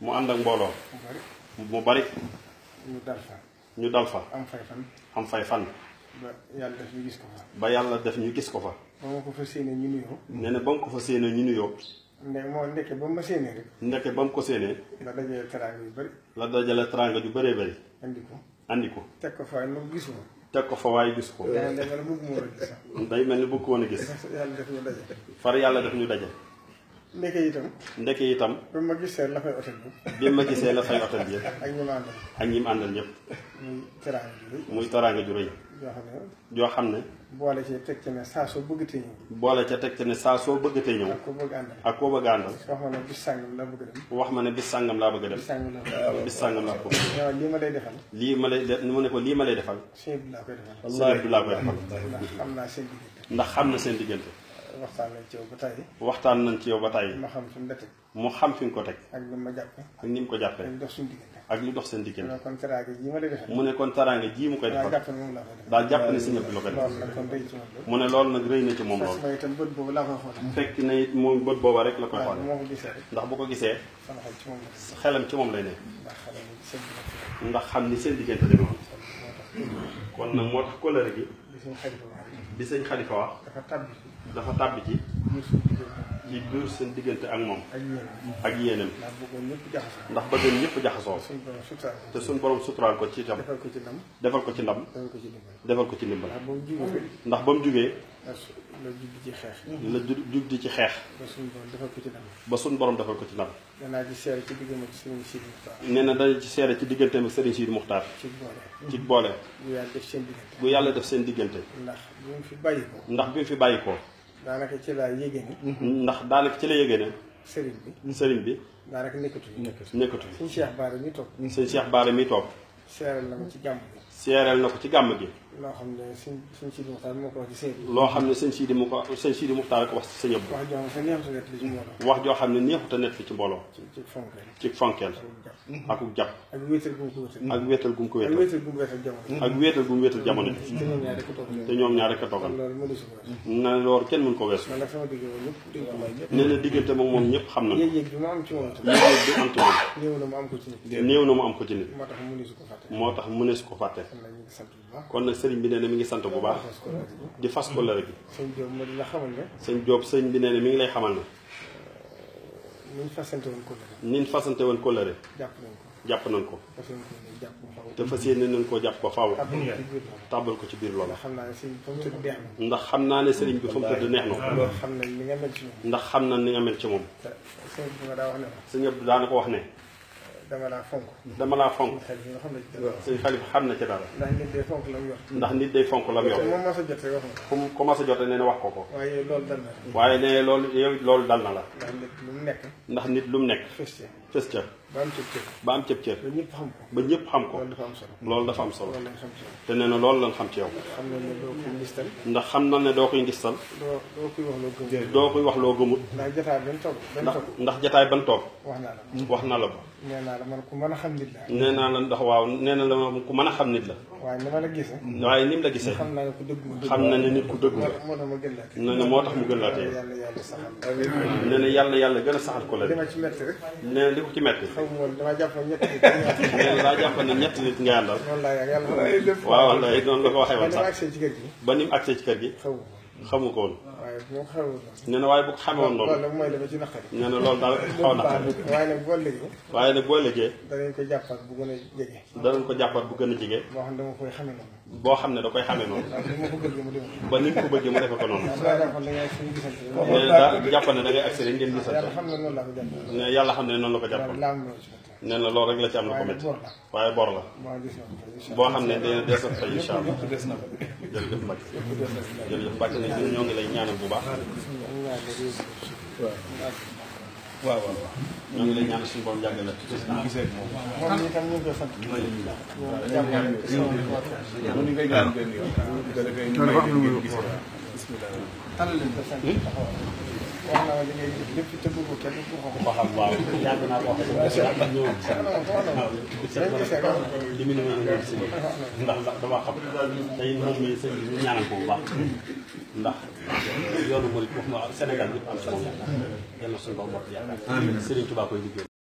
mu ànd ak mbooloo. mu bari ñu dal fa. ñu dal fa. am fay fan. am fay fan. ba yàlla def ñu gis ko fa. ba yàlla def ñu gis ko fa. ba ko ñu nuyoo. nee na ba mu ko fa séenee ñu nuyoo. ndek moo ndeke ba mu ma séenee rek. ba mu ko séenee. la dajale teraanga yu bëri. la dajale teraanga yu bëree bëri. indi ko indi ko. teg ko fa waaye moom gis ko. teg ko fa waaye gis ko. day mel ni bëgg woon gis. day mel ni bëgg woon a gis. def ñu far yàlla def ñu daje. ndeke itam. ndeke itam. bi ma gisee la fay hôtel bi. bi ma gisee la fay hôtel bi yëpp. ak ñi ma àndal ak ñi ma àndal ñëpp. muy teraanga ju rëy. muy teraanga ju rëy. joo xam ne. joo xam ne. boole ca teg ca ne saa soo bëgg te ñëw. boole ca teg ca ne saa soo bëgg te ñëw. ak koo bëgg àndal ak koo bëgg àndal. wax ma ne bis sàngam laa bëgg a dem. wax ma ne bis sàngam laa bëgg a dem. bis sàngam laa bëgg a dem bis sàngam laa ko bëgg a dem. lii ma lay defal. lii ma lay def mu ne ko lii ma lay defal. sëñ bi laa koy defal. wallaahi bi laa koy defal. ndax xam na seen diggante. waxtaan nañ ci yow ba tey. waxtaan nañ ci yow ba tey. mu xam fi mu ko teg. xam ko teg. ak ni mu ma jàppee. ni mu ko jàppee. dox suñu diggante. ak li dox seen diggante. mu ne kon teraange jii mu ne kon teraange mu koy defal. daa jàpp ne moom laa koy defal daa jàpp ne si ñëpp la koy defal. mu ne loolu nag rëy na ci moom loolu. fekk na itam bët boobu laa koy xool. fekk na it moom booba rek la koy xool. ndax bu ko gisee. xelam ci moom lay ne. ndax xam ni seen diggante demewoon kon nag moo tax kóllëre gi bi seen xalifa wax dafa tàbbi ci dafa seen diggante ak moom ak yéenam ndax bëggoon ñëpp jaxasoo te suñ borom suturaal ko ci tam defal ko ci ndam defal ko ci ndimbal ndax ba mu jógee la jubbi ci xeex. la jubbi ci xeex. ba suñu borom defal ko ci ndam. ba suñu borom defal ko ci ndam. nee naa ci seere ci diggante ak Serigne Sidi Muxtaar. nee na dañu ci ci digganteem ak Serigne Sidi Muxtaar. ci boole. ci boole. bu yàlla def seen diggante. bu yàlla def seen ndax bi mu fi bàyyi ko. ndax bi mu fi bàyyi ko. daanaka ci laa yéege ne. ndax daanaka ci la yéege ne. seriñ bi. Serigne bi. daanaka nekkatu nekkatu nekkatu. suñu Cheikh Baara mi toog. suñu Cheikh Baara mi toog. seeral na ma ci jàmm. seereel na ko ci gàmm gi. loo xam ne sëñ sëñ Sidi Muxtaar moo ko wax ci sëñ loo xam ne sëñ Sidi mu ko sëñ Sidi Muxtaar wax ci sa ñëpp. wax joo xam ne neexut a nekk ci mbooloo. ne neexut ci mbooloo. ci ci fonkeel. ci fonkeel ak jàpp. ak wéetal gu ko wéetal. ak wéetal gu ko wéetal. ak wéetal gu mu wéetal jamono. ji. te ñoom ñaar rek a toogal. na loolu kenn mën ko weesu. nee diggante moom moom ñëpp xam na yéeg bi mu am ci moom. néew na mu am ko ci moo tax mënees ko fàtte kon nag sëriñ bi nee mu ngi sant bu baax. di fas ko lële bi. sëñ Diop ma di la sëñ bi nee na mi ngi lay xamal na euh, ni ñu fasante woon kóllëre. ni ñu fasante woon jàpp nañ ko jàpp nañ te fas yéene nañ koo jàpp ko faaw. tàbbal ko ci biir lool ndax xam naa ne sëriñ bi fa mu tëdd neex na. ndax xam na ni nga mel ci moom. ndax xam na ni nga mel ci moom. sëñ bi ko wax ne. dama laa fonk. dama laa fonk. suñu xalif xam ne ci dara. ndax nit day fonk la mu yor. ndax nit day fonk la mu yor. moom mos a jot wax na. fu commencé jot nee na wax ko ko. waaye loolu dal na la. waaye nee loolu yow loolu dal na la. ndax nit lu mu nekk. ndax nit lu mu nekk. fës cër. ba am cëb cër. ba am cëb cër. ba ñëpp xam ko. ko. loolu dafa am solo. te nee loolu lañ xam ci yow. ndax xam na ne doo koy ngistal. doo ndax jotaay ban toog. ndax wax na la wax na la ko. nee naa la man ku mën a xam nit la. nee naa la ndax waaw nee na la man ku a la. waaye ni la gisee. xam na ne nit ku dëgg la. moo tax mu gën laa tee. nee yàlla yàlla gën a saxal ko la. li ko ci metti xaw ma woon damaa jàpp ne ñett nit daa jàpp ne ñett nit nga àndal waaw noonu la ko waxee woon sax ba ni mu agsee ci kër gi xamu ko waaye bu ma xamee woon na waaye bu ko xamee woon loolu. loolu mooy li ma ci naqari. nee na loolu daal xaw na. waaye nag boo liggéey. waaye nag boo liggéey. danañ ko ko jàppaat bu gën a boo xam ne dama koy xamee noonu. boo xam ne da koy xamee noonu. ba ni nga ko bëggee mu ko noonu. nee na jàpp ne da ngay accès ngeen gisante. ne yàlla xam ne noonu la ko jàppal. nee na loolu rek la ci am na ko métti waaye bor la boo xam ne dina des a fay incha allah jërëjëf Mbacke jërëjëf Mbacke nag ñun ñoo ngi lay ñaanal bu baax waaw waaw ñoo ngi lay ñaanal suñu borom yàgg la moom itam ñu ngi koy sant ñu ngi koy na li ngay def lépp te bëggu kenn ku ko ko xam waaw yàgg naa a wax li mu ne ma ñëw si ndax ndax dama a tey moom mi sëñ bi ñu ñaanal ko bu baax ndax yoonu murid wax ma Sénégal yëpp si moom yaakaar yal na suñu borom